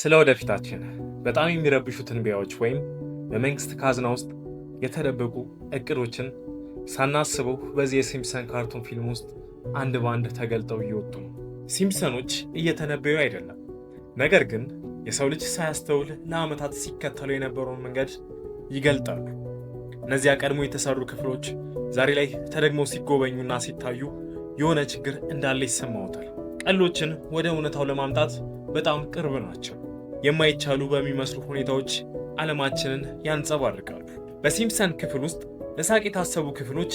ስለ ወደፊታችን በጣም የሚረብሹ እንቢያዎች ወይም በመንግስት ካዝና ውስጥ የተደበቁ እቅዶችን ሳናስበው በዚህ የሲምፕሰን ካርቱን ፊልም ውስጥ አንድ በአንድ ተገልጠው እየወጡ ነው። ሲምፕሰኖች እየተነበዩ አይደለም፣ ነገር ግን የሰው ልጅ ሳያስተውል ለዓመታት ሲከተለው የነበረውን መንገድ ይገልጣሉ። እነዚያ ቀድሞ የተሰሩ ክፍሎች ዛሬ ላይ ተደግመው ሲጎበኙና ሲታዩ የሆነ ችግር እንዳለ ይሰማዎታል። ቀሎችን ወደ እውነታው ለማምጣት በጣም ቅርብ ናቸው። የማይቻሉ በሚመስሉ ሁኔታዎች ዓለማችንን ያንጸባርቃሉ። በሲምፕሰን ክፍል ውስጥ ለሳቅ የታሰቡ ክፍሎች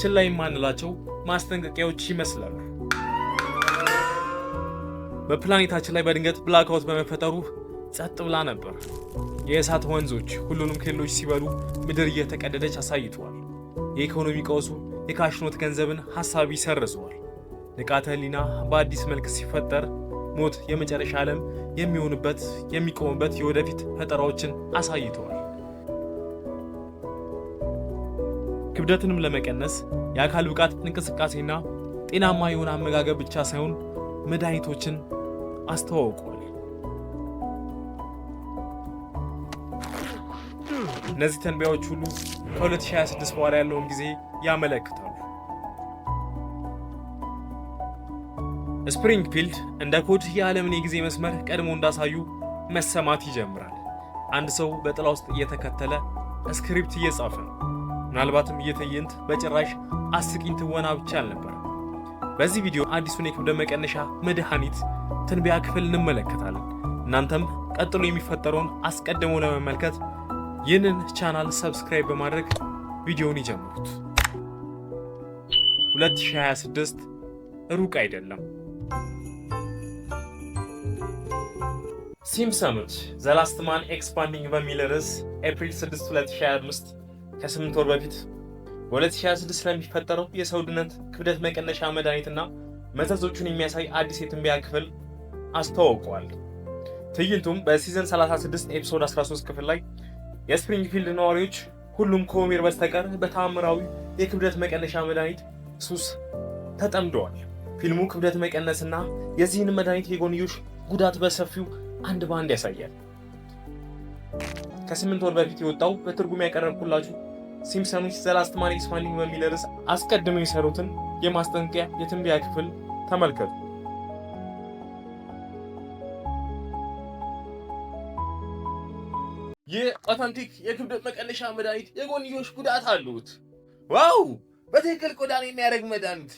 ችላ የማንላቸው ማስጠንቀቂያዎች ይመስላሉ። በፕላኔታችን ላይ በድንገት ብላክአውት በመፈጠሩ ጸጥ ብላ ነበር። የእሳት ወንዞች ሁሉንም ክልሎች ሲበሉ ምድር እየተቀደደች አሳይተዋል። የኢኮኖሚ ቀውሱ የካሽኖት ገንዘብን ሐሳቢ ይሰርዘዋል። ንቃተ ህሊና በአዲስ መልክ ሲፈጠር ሞት የመጨረሻ ዓለም የሚሆንበት የሚቆምበት የወደፊት ፈጠራዎችን አሳይተዋል። ክብደትንም ለመቀነስ የአካል ብቃት እንቅስቃሴና ጤናማ የሆነ አመጋገብ ብቻ ሳይሆን መድኃኒቶችን አስተዋውቋል። እነዚህ ተንቢያዎች ሁሉ ከ2026 በኋላ ያለውን ጊዜ ያመለክታል። ስፕሪንግፊልድ እንደ ኮድ የዓለምን የጊዜ መስመር ቀድሞ እንዳሳዩ መሰማት ይጀምራል። አንድ ሰው በጥላ ውስጥ እየተከተለ ስክሪፕት እየጻፈ ነው። ምናልባትም እየትዕይንት በጭራሽ አስቂኝ ትወና ብቻ አልነበረም። በዚህ ቪዲዮ አዲሱን የክብደ መቀነሻ መድኃኒት ትንበያ ክፍል እንመለከታለን። እናንተም ቀጥሎ የሚፈጠረውን አስቀድሞ ለመመልከት ይህንን ቻናል ሰብስክራይብ በማድረግ ቪዲዮውን ይጀምሩት። 2026 ሩቅ አይደለም። ሲምፕሰኖች ዘላስትማን ኤክስፓንዲንግ በሚል ርዕስ ኤፕሪል 6 2025 ከ8 ወር በፊት በ2026 ስለሚፈጠረው የሰውድነት ክብደት መቀነሻ መድኃኒትና መዘዞቹን የሚያሳይ አዲስ የትንበያ ክፍል አስተዋውቀዋል። ትዕይንቱም በሲዘን 36 ኤፒሶድ 13 ክፍል ላይ የስፕሪንግፊልድ ነዋሪዎች ሁሉም ከሆሜር በስተቀር በተአምራዊ የክብደት መቀነሻ መድኃኒት ሱስ ተጠምደዋል። ፊልሙ ክብደት መቀነስና የዚህን መድኃኒት የጎንዮሽ ጉዳት በሰፊው አንድ በአንድ ያሳያል። ከስምንት ወር በፊት የወጣው በትርጉም ያቀረብኩላችሁ ሲምፕሰኖች ዘ ላስት ማን ስታንዲንግ በሚል ርዕስ አስቀድመው የሰሩትን የማስጠንቀቂያ የትንበያ ክፍል ተመልከቱ። ይህ ኦተንቲክ የክብደት መቀነሻ መድኃኒት የጎንዮሽ ጉዳት አሉት። ዋው! በትክክል ቆዳን የሚያደርግ መድኃኒት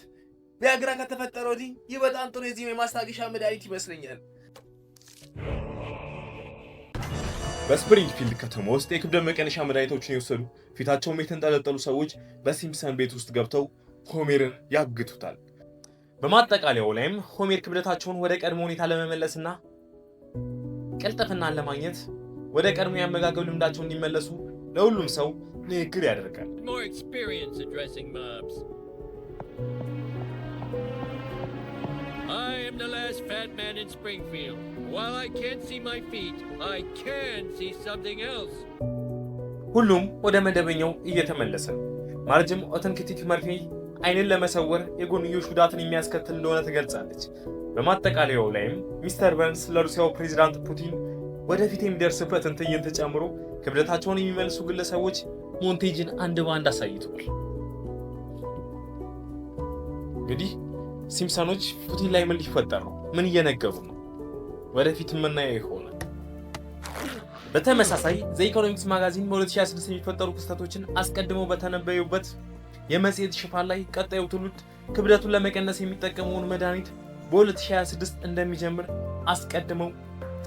ቢያግራ ከተፈጠረ ወዲህ ይህ በጣም ጥሩ የዚህም የማስታገሻ መድኃኒት ይመስለኛል። በስፕሪንግፊልድ ከተማ ውስጥ የክብደት መቀነሻ መድኃኒቶችን የወሰዱ ፊታቸውም የተንጠለጠሉ ሰዎች በሲምፕሰን ቤት ውስጥ ገብተው ሆሜርን ያግቱታል። በማጠቃለያው ላይም ሆሜር ክብደታቸውን ወደ ቀድሞ ሁኔታ ለመመለስና ቅልጥፍናን ለማግኘት ወደ ቀድሞ የአመጋገብ ልምዳቸው እንዲመለሱ ለሁሉም ሰው ንግግር ያደርጋል። the last fat man in Springfield. While I can't see my feet, I can see something else. ሁሉም ወደ መደበኛው እየተመለሰ ማርጅም ኦተንክቲክ መርፌ አይንን ለመሰወር የጎንዮሽ ጉዳትን የሚያስከትል እንደሆነ ትገልጻለች። በማጠቃለያው ላይም ሚስተር በርንስ ለሩሲያው ፕሬዚዳንት ፑቲን ወደፊት የሚደርስበትን ትዕይንት ጨምሮ ክብደታቸውን የሚመልሱ ግለሰቦች ሞንቴጅን አንድ በአንድ አሳይተዋል። እንግዲህ ሲምፕሰኖች ፑቲን ላይ ምን ሊፈጠር ነው? ምን እየነገሩ ነው? ወደፊት የምናየው ይሆነ። በተመሳሳይ ዘ ኢኮኖሚክስ ማጋዚን በ2026 የሚፈጠሩ ክስተቶችን አስቀድመው በተነበዩበት የመጽሔት ሽፋን ላይ ቀጣዩ ትውልድ ክብደቱን ለመቀነስ የሚጠቀመውን መድኃኒት በ2026 እንደሚጀምር አስቀድመው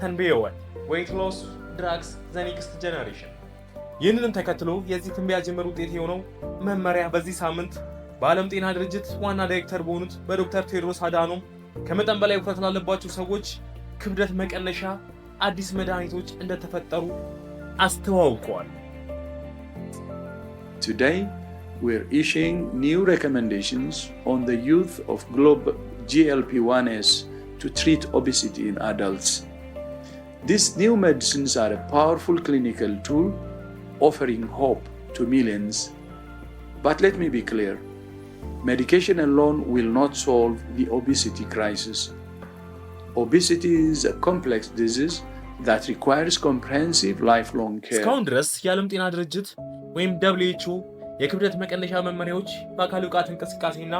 ተንብየዋል። ዌይት ሎስ ድራግስ ዘ ኔክስት ጀነሬሽን። ይህንንም ተከትሎ የዚህ ትንበያ ጅምር ውጤት የሆነው መመሪያ በዚህ ሳምንት Today we're issuing new recommendations on the use of GLP-1s to treat obesity in adults. These new medicines are a powerful clinical tool offering hope to millions. But let me be clear. Medication alone will not solve the obesity crisis. Obesity is a complex disease that requires comprehensive lifelong care. እስካሁን ድረስ የዓለም ጤና ድርጅት ወይም ደብሊው የክብደት መቀነሻ መመሪያዎች በአካል ብቃት እንቅስቃሴና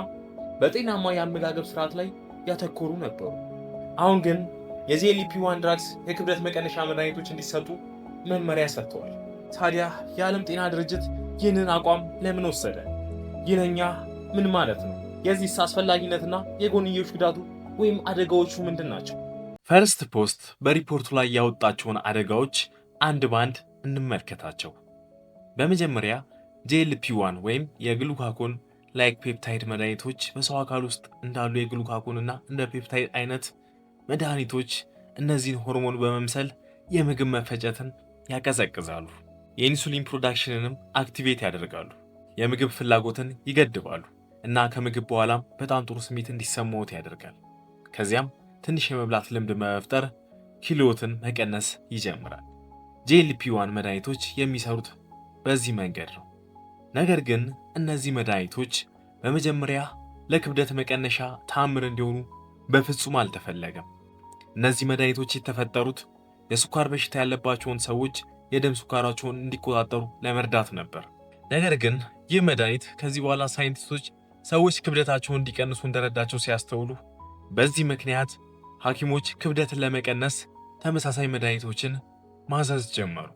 በጤናማ የአመጋገብ ስርዓት ላይ ያተኮሩ ነበሩ። አሁን ግን የዚኤልፒ1 ድራግስ የክብደት መቀነሻ መድኃኒቶች እንዲሰጡ መመሪያ ሰጥተዋል። ታዲያ የዓለም ጤና ድርጅት ይህንን አቋም ለምን ወሰደ? ይህንኛ ምን ማለት ነው? የዚህስ አስፈላጊነትና የጎንዮሽ ጉዳቱ ወይም አደጋዎቹ ምንድን ናቸው? ፈርስት ፖስት በሪፖርቱ ላይ ያወጣቸውን አደጋዎች አንድ ባንድ እንመልከታቸው። በመጀመሪያ ጄልፒዋን ወይም የግሉካኮን ላይክ ፔፕታይድ መድኃኒቶች በሰው አካል ውስጥ እንዳሉ የግሉካኮንና እንደ ፔፕታይድ አይነት መድኃኒቶች እነዚህን ሆርሞን በመምሰል የምግብ መፈጨትን ያቀዘቅዛሉ። የኢንሱሊን ፕሮዳክሽንንም አክቲቬት ያደርጋሉ። የምግብ ፍላጎትን ይገድባሉ። እና ከምግብ በኋላም በጣም ጥሩ ስሜት እንዲሰማዎት ያደርጋል። ከዚያም ትንሽ የመብላት ልምድ መፍጠር ኪሎትን መቀነስ ይጀምራል። ጂኤልፒ ዋን መድኃኒቶች የሚሰሩት በዚህ መንገድ ነው። ነገር ግን እነዚህ መድኃኒቶች በመጀመሪያ ለክብደት መቀነሻ ታምር እንዲሆኑ በፍጹም አልተፈለገም። እነዚህ መድኃኒቶች የተፈጠሩት የስኳር በሽታ ያለባቸውን ሰዎች የደም ስኳራቸውን እንዲቆጣጠሩ ለመርዳት ነበር። ነገር ግን ይህ መድኃኒት ከዚህ በኋላ ሳይንቲስቶች ሰዎች ክብደታቸውን እንዲቀንሱ እንደረዳቸው ሲያስተውሉ፣ በዚህ ምክንያት ሐኪሞች ክብደትን ለመቀነስ ተመሳሳይ መድኃኒቶችን ማዘዝ ጀመሩ።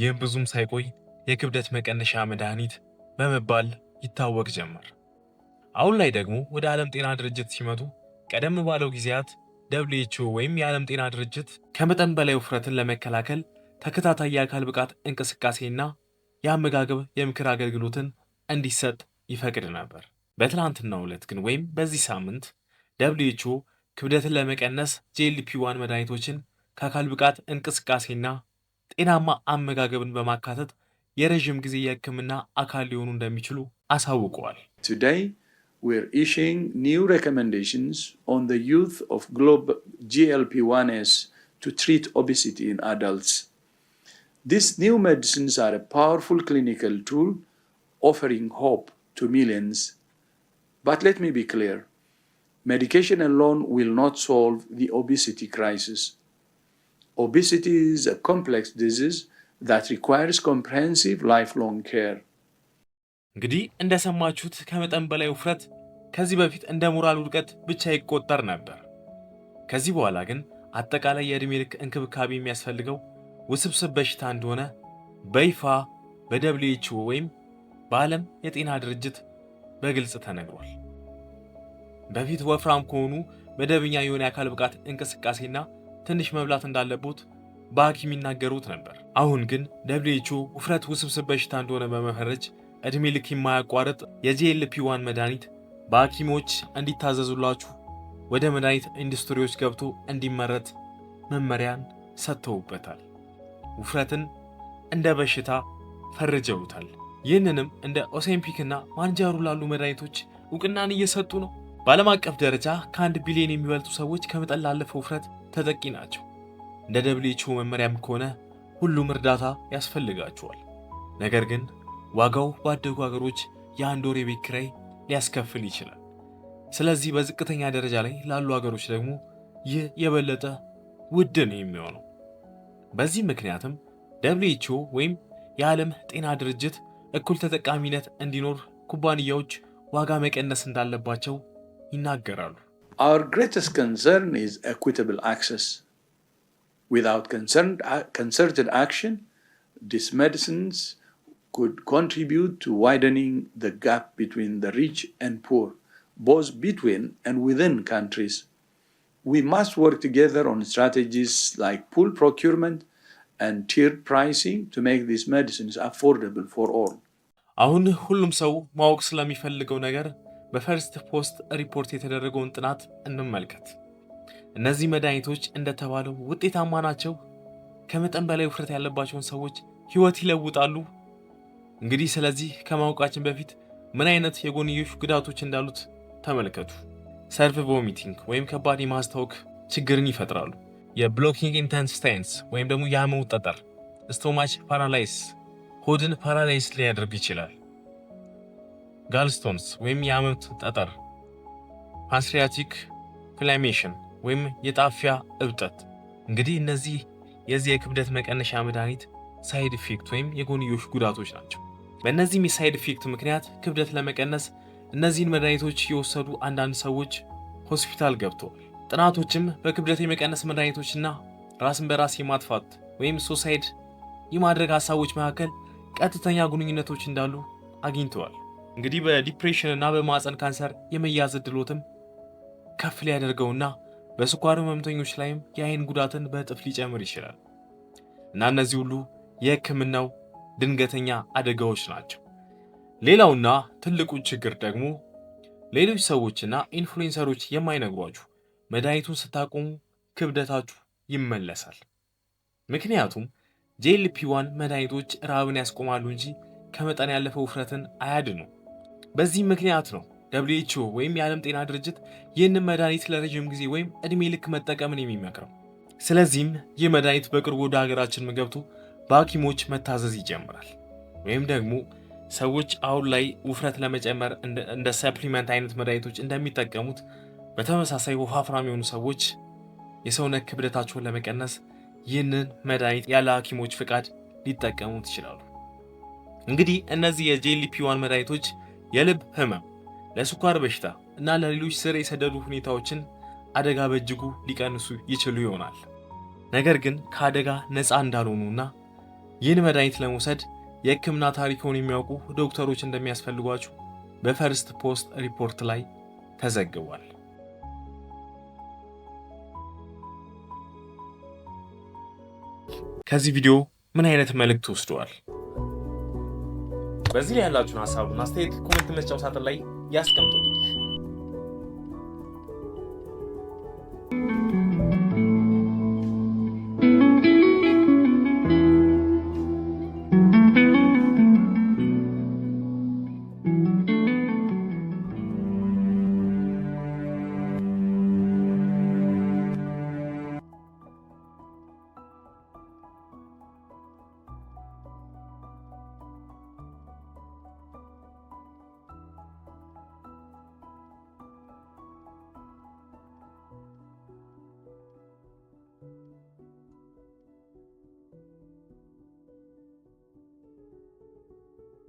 ይህም ብዙም ሳይቆይ የክብደት መቀነሻ መድኃኒት በመባል ይታወቅ ጀመር። አሁን ላይ ደግሞ ወደ ዓለም ጤና ድርጅት ሲመጡ ቀደም ባለው ጊዜያት ደብሊው ኤች ኦ ወይም የዓለም ጤና ድርጅት ከመጠን በላይ ውፍረትን ለመከላከል ተከታታይ የአካል ብቃት እንቅስቃሴና የአመጋገብ የምክር አገልግሎትን እንዲሰጥ ይፈቅድ ነበር። በትናንትናው ዕለት ግን ወይም በዚህ ሳምንት ደብሊው ኤች ኦ ክብደትን ለመቀነስ ጂኤልፒ ዋን መድኃኒቶችን ከአካል ብቃት እንቅስቃሴና ጤናማ አመጋገብን በማካተት የረዥም ጊዜ የሕክምና አካል ሊሆኑ እንደሚችሉ አሳውቀዋል። ቱዴይ ዌር ኢሺንግ ኒው ሬኮሜንዴሽንስ ኦን ዘ ዩዝ ኦፍ ግሎብ ጂኤልፒ ዋን ኤስ ቱ ትሪት ኦቤሲቲ ኢን አዳልትስ ዲስ ኒው ሜዲሲንስ አር ፓወርፉል ክሊኒካል ቱል ኦፈሪንግ ሆፕ to millions. But let me be clear medication alone will not solve the obesity crisis. Obesity is a complex disease that requires comprehensive lifelong care. እንግዲህ እንደሰማችሁት ከመጠን በላይ ውፍረት ከዚህ በፊት እንደ ሞራል ውድቀት ብቻ ይቆጠር ነበር። ከዚህ በኋላ ግን አጠቃላይ የዕድሜ ልክ እንክብካቤ የሚያስፈልገው ውስብስብ በሽታ እንደሆነ በይፋ በደብሊው ኤች ኦ ወይም በዓለም የጤና ድርጅት በግልጽ ተነግሯል። በፊት ወፍራም ከሆኑ መደበኛ የሆነ የአካል ብቃት እንቅስቃሴና ትንሽ መብላት እንዳለቦት በሐኪም ይናገሩት ነበር። አሁን ግን ደብሊው ውፍረት ውስብስብ በሽታ እንደሆነ በመፈረጅ ዕድሜ ልክ የማያቋርጥ የጂኤልፒ ዋን መድኃኒት በሐኪሞች እንዲታዘዙላችሁ ወደ መድኃኒት ኢንዱስትሪዎች ገብቶ እንዲመረት መመሪያን ሰጥተውበታል። ውፍረትን እንደ በሽታ ፈርጀውታል። ይህንንም እንደ ኦሴምፒክና ማንጃሩ ላሉ መድኃኒቶች እውቅናን እየሰጡ ነው። በዓለም አቀፍ ደረጃ ከአንድ ቢሊዮን የሚበልጡ ሰዎች ከመጠን ላለፈ ውፍረት ተጠቂ ናቸው። እንደ ደብሊውኤችኦ መመሪያም ከሆነ ሁሉም እርዳታ ያስፈልጋቸዋል። ነገር ግን ዋጋው ባደጉ ሀገሮች የአንድ ወር የቤት ክራይ ሊያስከፍል ይችላል። ስለዚህ በዝቅተኛ ደረጃ ላይ ላሉ ሀገሮች ደግሞ ይህ የበለጠ ውድ ነው የሚሆነው። በዚህ ምክንያትም ደብሊውኤችኦ ወይም የዓለም ጤና ድርጅት እኩል ተጠቃሚነት እንዲኖር ኩባንያዎች ዋጋ መቀነስ እንዳለባቸው ይናገራሉ። Our greatest concern is equitable access. Without uh, concerted action, these medicines could contribute to widening the gap between the rich and poor, both between and within countries. We must work together on strategies like pool procurement and tiered pricing to make these medicines affordable for all. አሁን ሁሉም ሰው ማወቅ ስለሚፈልገው ነገር በፈርስት ፖስት ሪፖርት የተደረገውን ጥናት እንመልከት። እነዚህ መድኃኒቶች እንደተባለው ውጤታማ ናቸው? ከመጠን በላይ ውፍረት ያለባቸውን ሰዎች ህይወት ይለውጣሉ? እንግዲህ ስለዚህ ከማወቃችን በፊት ምን አይነት የጎንዮሽ ጉዳቶች እንዳሉት ተመልከቱ። ሰርፍ ቮሚቲንግ ወይም ከባድ የማስታወክ ችግርን ይፈጥራሉ። የብሎኪንግ ኢንተንስታይንስ ወይም ደግሞ የአመው ጠጠር፣ ስቶማች ፓራላይስ ሆድን ፓራላይስ ሊያደርግ ይችላል። ጋልስቶንስ ወይም የአመት ጠጠር፣ ፓንክሪያቲክ ፍላሜሽን ወይም የጣፊያ እብጠት። እንግዲህ እነዚህ የዚህ የክብደት መቀነሻ መድኃኒት ሳይድ ኢፌክት ወይም የጎንዮሽ ጉዳቶች ናቸው። በእነዚህም የሳይድ ኢፌክት ምክንያት ክብደት ለመቀነስ እነዚህን መድኃኒቶች የወሰዱ አንዳንድ ሰዎች ሆስፒታል ገብተዋል። ጥናቶችም በክብደት የመቀነስ መድኃኒቶችና ራስን በራስ የማጥፋት ወይም ሶሳይድ የማድረግ ሀሳቦች መካከል ቀጥተኛ ግንኙነቶች እንዳሉ አግኝተዋል። እንግዲህ በዲፕሬሽን እና በማፀን ካንሰር የመያዝ እድሎትም ከፍ ሊያደርገውና በስኳር ህመምተኞች ላይም የአይን ጉዳትን በእጥፍ ሊጨምር ይችላል እና እነዚህ ሁሉ የህክምናው ድንገተኛ አደጋዎች ናቸው። ሌላውና ትልቁ ችግር ደግሞ ሌሎች ሰዎችና ኢንፍሉዌንሰሮች የማይነግሯችሁ መድኃኒቱን ስታቆሙ ክብደታችሁ ይመለሳል። ምክንያቱም ጄልፒ ዋን መድኃኒቶች ራብን ያስቆማሉ እንጂ ከመጠን ያለፈ ውፍረትን አያድኑ። በዚህም ምክንያት ነው ደብሊው ኤች ኦ ወይም የዓለም ጤና ድርጅት ይህንን መድኃኒት ለረዥም ጊዜ ወይም ዕድሜ ልክ መጠቀምን የሚመክረው። ስለዚህም ይህ መድኃኒት በቅርቡ ወደ ሀገራችን ገብቶ በሐኪሞች መታዘዝ ይጀምራል። ወይም ደግሞ ሰዎች አሁን ላይ ውፍረት ለመጨመር እንደ ሰፕሊመንት አይነት መድኃኒቶች እንደሚጠቀሙት በተመሳሳይ ወፋፍራም የሆኑ ሰዎች የሰውነት ክብደታቸውን ለመቀነስ ይህንን መድኃኒት ያለ ሐኪሞች ፍቃድ ሊጠቀሙት ይችላሉ። እንግዲህ እነዚህ የጄሊፒ ዋን መድኃኒቶች የልብ ህመም፣ ለስኳር በሽታ እና ለሌሎች ስር የሰደዱ ሁኔታዎችን አደጋ በእጅጉ ሊቀንሱ ይችሉ ይሆናል። ነገር ግን ከአደጋ ነፃ እንዳልሆኑና ይህን መድኃኒት ለመውሰድ የህክምና ታሪክዎን የሚያውቁ ዶክተሮች እንደሚያስፈልጓችሁ በፈርስት ፖስት ሪፖርት ላይ ተዘግቧል። ከዚህ ቪዲዮ ምን አይነት መልእክት ወስደዋል? በዚህ ላይ ያላችሁን ሀሳብ አስተያየት ኮሜንት መስጫው ሳጥን ላይ ያስቀምጡልኝ።